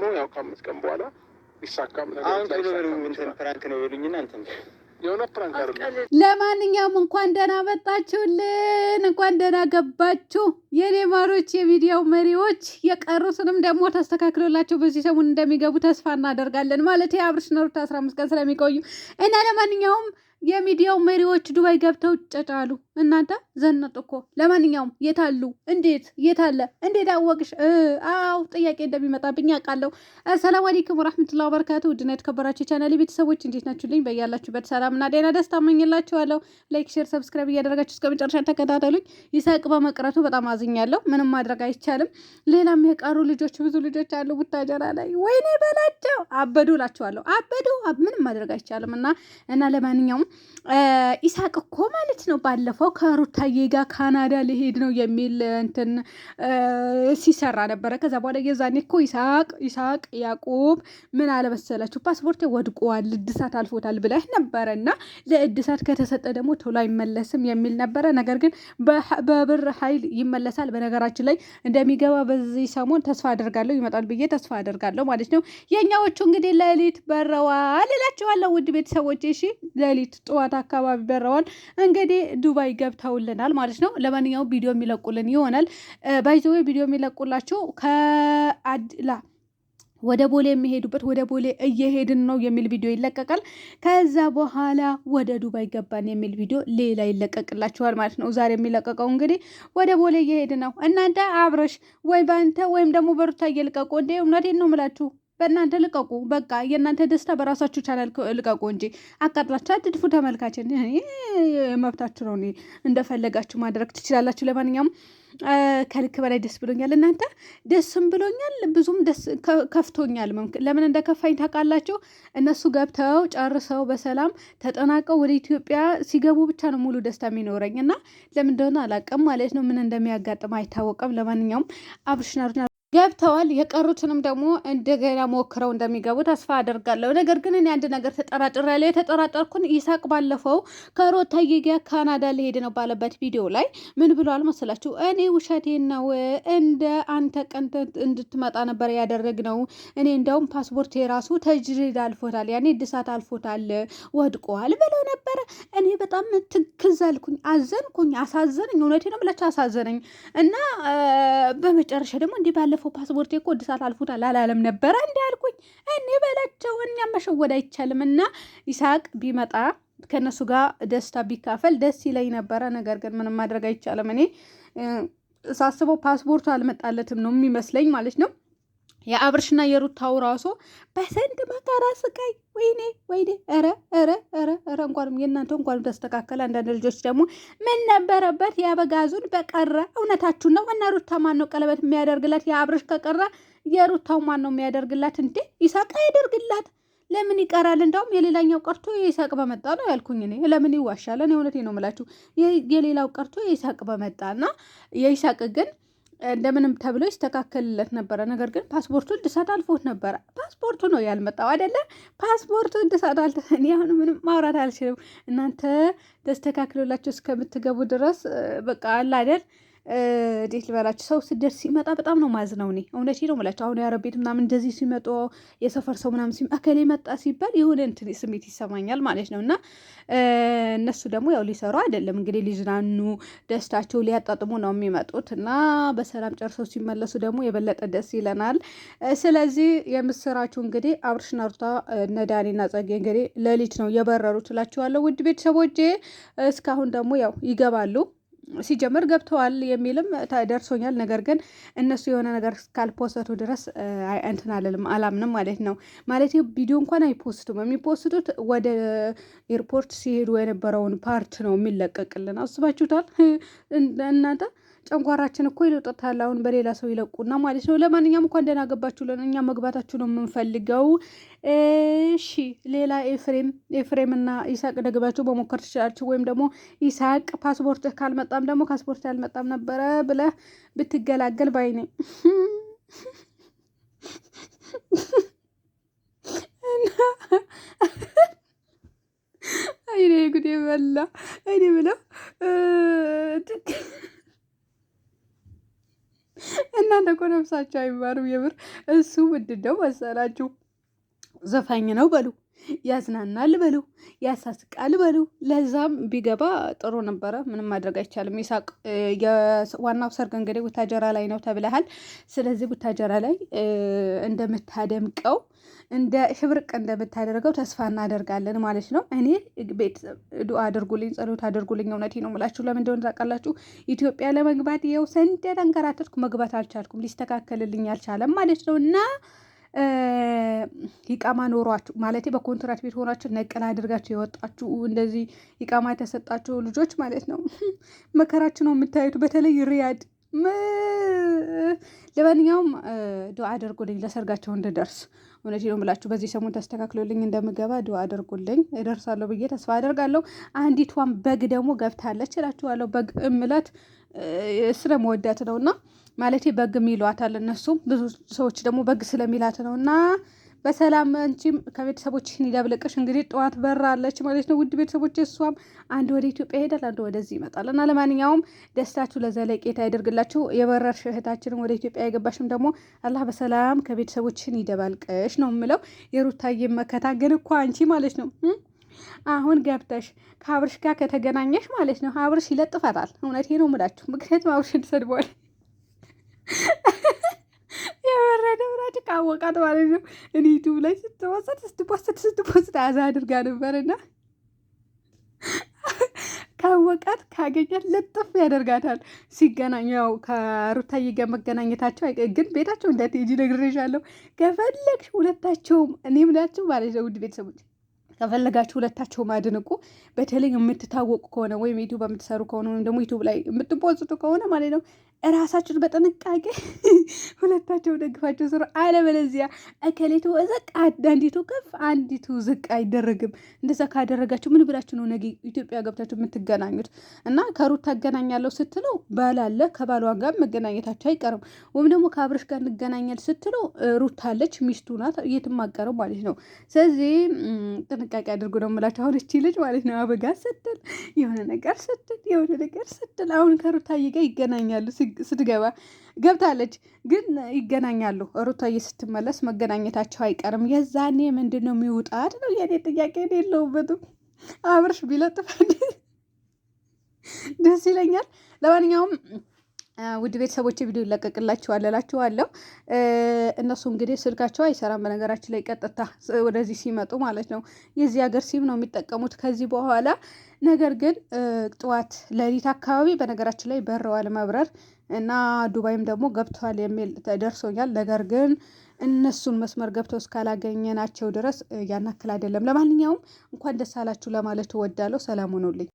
ደግሞ ያው ከአምስት ቀን በኋላ ይሳካም ነገር ፕራንክ ነው በሉኝና እንትን የሆነ ፕራንክ ለማንኛውም እንኳን ደህና መጣችሁልን፣ እንኳን ደህና ገባችሁ የኔ ማሮች፣ የቪዲዮ መሪዎች። የቀሩትንም ደግሞ ተስተካክሎላቸው በዚህ ሰሙን እንደሚገቡ ተስፋ እናደርጋለን። ማለት የአብርሽ ነሩት አስራ አምስት ቀን ስለሚቆዩ እና ለማንኛውም የሚዲያው መሪዎች ዱባይ ገብተው ጨጫሉ። እናንተ ዘነጥ እኮ። ለማንኛውም የታሉ? እንዴት የታለ? እንዴት አወቅሽ? አው ጥያቄ እንደሚመጣብኝ አውቃለሁ። ሰላም አለይኩም ወራህመቱላሂ ወበረካቱ። ውድና የተከበራችሁ የቻናሌ ቤተሰቦች እንዴት ናችሁልኝ? በያላችሁበት ሰላምና ጤና ደስታ እመኝላችኋለሁ። ላይክ፣ ሼር፣ ሰብስክራይብ እያደረጋችሁ እስከ መጨረሻ ተከታተሉኝ። ይሳቅ በመቅረቱ በጣም አዝኛለሁ። ምንም ማድረግ አይቻልም። ሌላም የቀሩ ልጆች ብዙ ልጆች አሉ ቡታጀራ ላይ። ወይኔ በላቸው። አበዱ እላችኋለሁ። አበዱ። ምንም ማድረግ አይቻልም እና እና ለማንኛውም ኢሳቅ እኮ ማለት ነው ባለፈው ከሩታዬ ጋር ካናዳ ሊሄድ ነው የሚል እንትን ሲሰራ ነበረ። ከዛ በኋላ የዛኔ እኮ ኢሳቅ ኢሳቅ ያዕቆብ ምን አለመሰላችሁ ፓስፖርት ወድቋል፣ እድሳት አልፎታል ብለህ ነበረ እና ለእድሳት ከተሰጠ ደግሞ ቶሎ አይመለስም የሚል ነበረ። ነገር ግን በብር ኃይል ይመለሳል። በነገራችን ላይ እንደሚገባ በዚህ ሰሞን ተስፋ አደርጋለሁ፣ ይመጣል ብዬ ተስፋ አደርጋለሁ ማለት ነው። የእኛዎቹ እንግዲህ ሌሊት በረዋል እላችኋለሁ ውድ ቤተሰቦች። እሺ ሌሊት ጠዋት አካባቢ በረዋል እንግዲህ ዱባይ ገብተውልናል ማለት ነው። ለማንኛውም ቪዲዮ የሚለቁልን ይሆናል። ባይዘዌ ቪዲዮ የሚለቁላቸው ከአድላ ወደ ቦሌ የሚሄዱበት ወደ ቦሌ እየሄድን ነው የሚል ቪዲዮ ይለቀቃል። ከዛ በኋላ ወደ ዱባይ ገባን የሚል ቪዲዮ ሌላ ይለቀቅላችኋል ማለት ነው። ዛሬ የሚለቀቀው እንግዲህ ወደ ቦሌ እየሄድን ነው። እናንተ አብረሽ ወይ በአንተ ወይም ደግሞ በሩታ እየልቀቁ እንዴ እውነቴን ነው የምላችሁ በእናንተ ልቀቁ። በቃ የእናንተ ደስታ በራሳችሁ ቻናል ልቀቁ እንጂ አቃጥላችሁ አትድፉ ተመልካችን። መብታችሁ ነው፣ እንደፈለጋችሁ ማድረግ ትችላላችሁ። ለማንኛውም ከልክ በላይ ደስ ብሎኛል። እናንተ ደስም ብሎኛል፣ ብዙም ደስ ከፍቶኛል። ለምን እንደ ከፋኝ ታውቃላችሁ? እነሱ ገብተው ጨርሰው በሰላም ተጠናቀው ወደ ኢትዮጵያ ሲገቡ ብቻ ነው ሙሉ ደስታ የሚኖረኝ እና ለምን እንደሆነ አላውቅም ማለት ነው። ምን እንደሚያጋጥም አይታወቅም። ለማንኛውም አብርሽና ገብተዋል። የቀሩትንም ደግሞ እንደገና ሞክረው እንደሚገቡ ተስፋ አደርጋለሁ። ነገር ግን እኔ አንድ ነገር ተጠራጥሬያለሁ። የተጠራጠርኩን ይሳቅ ባለፈው ከሩታዬ ጋር ካናዳ ሊሄድ ነው ባለበት ቪዲዮ ላይ ምን ብሏል መሰላችሁ? እኔ ውሸቴ ነው እንደ አንተ ቀን እንድትመጣ ነበር ያደረግነው። እኔ እንደውም ፓስፖርት የራሱ ተጅሪድ አልፎታል፣ ያኔ እድሳት አልፎታል፣ ወድቋል ብለው ነበረ። እኔ በጣም ትክዛልኩኝ፣ አዘንኩኝ፣ አሳዘነኝ። እውነቴ ነው ብላቸው አሳዘነኝ። እና በመጨረሻ ደግሞ እንዲህ ባለ ባለፈው ፓስፖርት እኮ እድሳት አልፉታል አላለም ነበረ እንዳልኩኝ እኔ በላቸው እኔ መሸወድ አይቻልም። እና ይሳቅ ቢመጣ ከእነሱ ጋር ደስታ ቢካፈል ደስ ይለኝ ነበረ። ነገር ግን ምንም ማድረግ አይቻልም። እኔ ሳስበው ፓስፖርቱ አልመጣለትም ነው የሚመስለኝ ማለት ነው። የአብርሽና የሩታው ራሱ በስንት መከራ ስቃይ፣ ወይኔ ወይኔ፣ ኧረ ኧረ ኧረ ኧረ፣ እንኳንም የእናንተ እንኳንም ተስተካከለ። አንዳንድ ልጆች ደግሞ ምን ነበረበት የአበጋዙን በቀረ። እውነታችሁ ነው። እና ሩታ ማን ነው ቀለበት የሚያደርግላት? የአብርሽ ከቀረ የሩታው ማን ነው የሚያደርግላት? እንዴ ይሳቅ ያደርግላት ለምን ይቀራል? እንዳውም የሌላኛው ቀርቶ የይሳቅ በመጣ ነው ያልኩኝ እኔ። ለምን ይዋሻለን? እውነቴ ነው የምላችሁ። የሌላው ቀርቶ የይሳቅ በመጣና የይሳቅ ግን እንደምንም ተብሎ ይስተካከልለት ነበረ። ነገር ግን ፓስፖርቱ እድሳት አልፎት ነበረ። ፓስፖርቱ ነው ያልመጣው አይደለ? ፓስፖርቱ እድሳት አል እኔ አሁን ምንም ማውራት አልችልም። እናንተ ተስተካክሎላቸው እስከምትገቡ ድረስ በቃ አለ አይደል እንዴት ልበላቸው ሰው ስደት ሲመጣ በጣም ነው ማዝነው። እኔ እውነቴ ነው የምላችሁ። አሁን የአረብ ቤት ምናምን እንደዚህ ሲመጡ የሰፈር ሰው ምናምን ሲ እከሌ መጣ ሲባል የሆነ እንትን ስሜት ይሰማኛል ማለት ነው። እና እነሱ ደግሞ ያው ሊሰሩ አይደለም እንግዲህ ሊዝናኑ ደስታቸው ሊያጣጥሙ ነው የሚመጡት። እና በሰላም ጨርሰው ሲመለሱ ደግሞ የበለጠ ደስ ይለናል። ስለዚህ የምስራችሁ እንግዲህ አብርሽና ሩታ እነ ዳኒና ጸጌ እንግዲህ ሌሊት ነው የበረሩ ትላችኋለሁ ውድ ቤተሰቦቼ። እስካሁን ደግሞ ያው ይገባሉ ሲጀምር ገብተዋል የሚልም ደርሶኛል። ነገር ግን እነሱ የሆነ ነገር ካልፖሰቱ ድረስ እንትን አለልም አላምንም ማለት ነው። ማለት ቪዲዮ እንኳን አይፖስቱም። የሚፖስቱት ወደ ኤርፖርት ሲሄዱ የነበረውን ፓርት ነው የሚለቀቅልን። አስባችሁታል እናንተ ጨንጓራችን እኮ ይለጡታል። አሁን በሌላ ሰው ይለቁና ማለት ነው። ለማንኛውም እንኳን ደህና ገባችሁልን። እኛ መግባታችሁ ነው የምንፈልገው። እሺ፣ ሌላ ኤፍሬም ኤፍሬም እና ኢሳቅ ደግባችሁ መሞከር ትችላችሁ። ወይም ደግሞ ኢሳቅ ፓስፖርት ካልመጣ አልመጣም ደግሞ ከስፖርት አልመጣም ነበረ ብለህ ብትገላገል ባይ ነኝ። አይኔ ጉዴ በላ አይኔ ብለው እናንተ እኮ ነፍሳቸው የምር እሱ ምንድን ነው መሰላችሁ ዘፋኝ ነው በሉ፣ ያዝናናል በሉ፣ ያሳስቃል በሉ። ለዛም ቢገባ ጥሩ ነበረ። ምንም ማድረግ አይቻልም። ይሳቅ ዋናው ሰርግ እንግዲህ ቡታጀራ ላይ ነው ተብለሃል። ስለዚህ ቡታጀራ ላይ እንደምታደምቀው እንደ ሽብርቅ እንደምታደርገው ተስፋ እናደርጋለን ማለት ነው። እኔ ቤት ዱ አድርጉልኝ፣ ጸሎት አድርጉልኝ። እውነቴ ነው ምላችሁ። ለምን እንደሆነ ታውቃላችሁ? ኢትዮጵያ ለመግባት የው ሰንዴ ተንከራተትኩ፣ መግባት አልቻልኩም። ሊስተካከልልኝ አልቻለም ማለት ነው እና ይቃማ ኖሯችሁ ማለት በኮንትራት ቤት ሆናችሁ ነቀል አድርጋችሁ የወጣችሁ እንደዚህ ይቃማ የተሰጣችሁ ልጆች ማለት ነው መከራችሁ ነው የምታዩት። በተለይ ሪያድ ለማንኛውም ዱዓ አድርጉልኝ ለሰርጋቸው እንድደርስ። እውነት ነው የምላችሁ። በዚህ ሰሞን ተስተካክሎልኝ እንደምገባ ዱዓ አድርጉልኝ። እደርሳለሁ ብዬ ተስፋ አደርጋለሁ። አንዲቷን በግ ደግሞ ገብታለች እላችኋለሁ። በግ እምላት ስለመወዳት ነው እና ማለቴ በግ ይሏታል እነሱም ብዙ ሰዎች ደግሞ በግ ስለሚላት ነው እና በሰላም አንቺም ከቤተሰቦችሽን ይደብልቅሽ። እንግዲህ ጠዋት በራለች ማለት ነው ውድ ቤተሰቦች። እሷም አንድ ወደ ኢትዮጵያ ይሄዳል፣ አንድ ወደዚህ ይመጣል እና ለማንኛውም ደስታችሁ ለዘለቄታ ያደርግላችሁ። የበረርሽ እህታችንን ወደ ኢትዮጵያ የገባሽም ደግሞ አላህ በሰላም ከቤተሰቦችሽን ይደባልቅሽ ነው የምለው። የሩታዬ መከታ ግን እኮ አንቺ ማለት ነው አሁን ገብተሽ ከአብርሽ ጋር ከተገናኘሽ ማለት ነው አብርሽ ይለጥፈታል። እውነቴ ነው የምላችሁ፣ ምክንያቱም አብርሽ እንድሰድበዋል አወቃት ማለት ነው። እኔ ዩቱብ ላይ ስትወሰድ ስትፖስት ስትፖስት አዛ አድርጋ ነበርና ካወቃት ካገኛት ለጥፍ ያደርጋታል። ሲገናኙ ያው ከሩታዬ ጋር መገናኘታቸው ግን ቤታቸው እንዳትሄጂ ነግሬሻለሁ። ከፈለግሽ ሁለታቸውም እኔ ምላቸው ማለት ነው ውድ ቤተሰቦች ከፈለጋችሁ ሁለታቸውም አድንቁ። በተለይ የምትታወቁ ከሆነ ወይም ዩቱብ የምትሰሩ ከሆነ ወይም ደግሞ ዩቱብ ላይ የምትፖስቱ ከሆነ ማለት ነው እራሳችሁን በጥንቃቄ ሁለታቸው ደግፋቸው ስሩ። አለበለዚያ እከሌቱ ዝቅ አንዲቱ ከፍ አንዲቱ ዝቅ አይደረግም። እንደዛ ካደረጋችሁ ምን ብላችሁ ነው ነገ ኢትዮጵያ ገብታችሁ የምትገናኙት? እና ከሩት ታገናኛለሁ ስትለው ባላለ ከባሏ ጋር መገናኘታቸው አይቀርም። ወይም ደግሞ ከአብረሽ ጋር እንገናኛል ስትለው ሩት አለች ሚስቱ ናት የትም አቀረው ማለት ነው። ስለዚህ ጥንቃቄ አድርጎ ነው የምላቸው። አሁን እቺ ልጅ ማለት ነው አበጋ ስትል የሆነ ነገር ስትል የሆነ ነገር ስትል አሁን ከሩት ጋር ይገናኛሉ ስትገባ ገብታለች። ግን ይገናኛሉ። ሩታዬ ስትመለስ መገናኘታቸው አይቀርም። የዛኔ ምንድን ነው የሚውጣት ነው የኔ ጥያቄ። የለውበትም አብርሽ ቢለጥፍ ደስ ይለኛል። ለማንኛውም ውድ ቤተሰቦች ቪዲዮ ይለቀቅላችኋል እላችኋለሁ። እነሱ እንግዲህ ስልካቸው አይሰራም፣ በነገራችን ላይ ቀጥታ ወደዚህ ሲመጡ ማለት ነው። የዚህ ሀገር ሲም ነው የሚጠቀሙት ከዚህ በኋላ ነገር ግን ጠዋት ለሊት አካባቢ በነገራችን ላይ በረዋል መብረር እና ዱባይም ደግሞ ገብቷል የሚል ደርሶኛል። ነገር ግን እነሱን መስመር ገብተው እስካላገኘናቸው ድረስ ያናክል አይደለም። ለማንኛውም እንኳን ደስ አላችሁ ለማለት እወዳለሁ። ሰላም ሆኖልኝ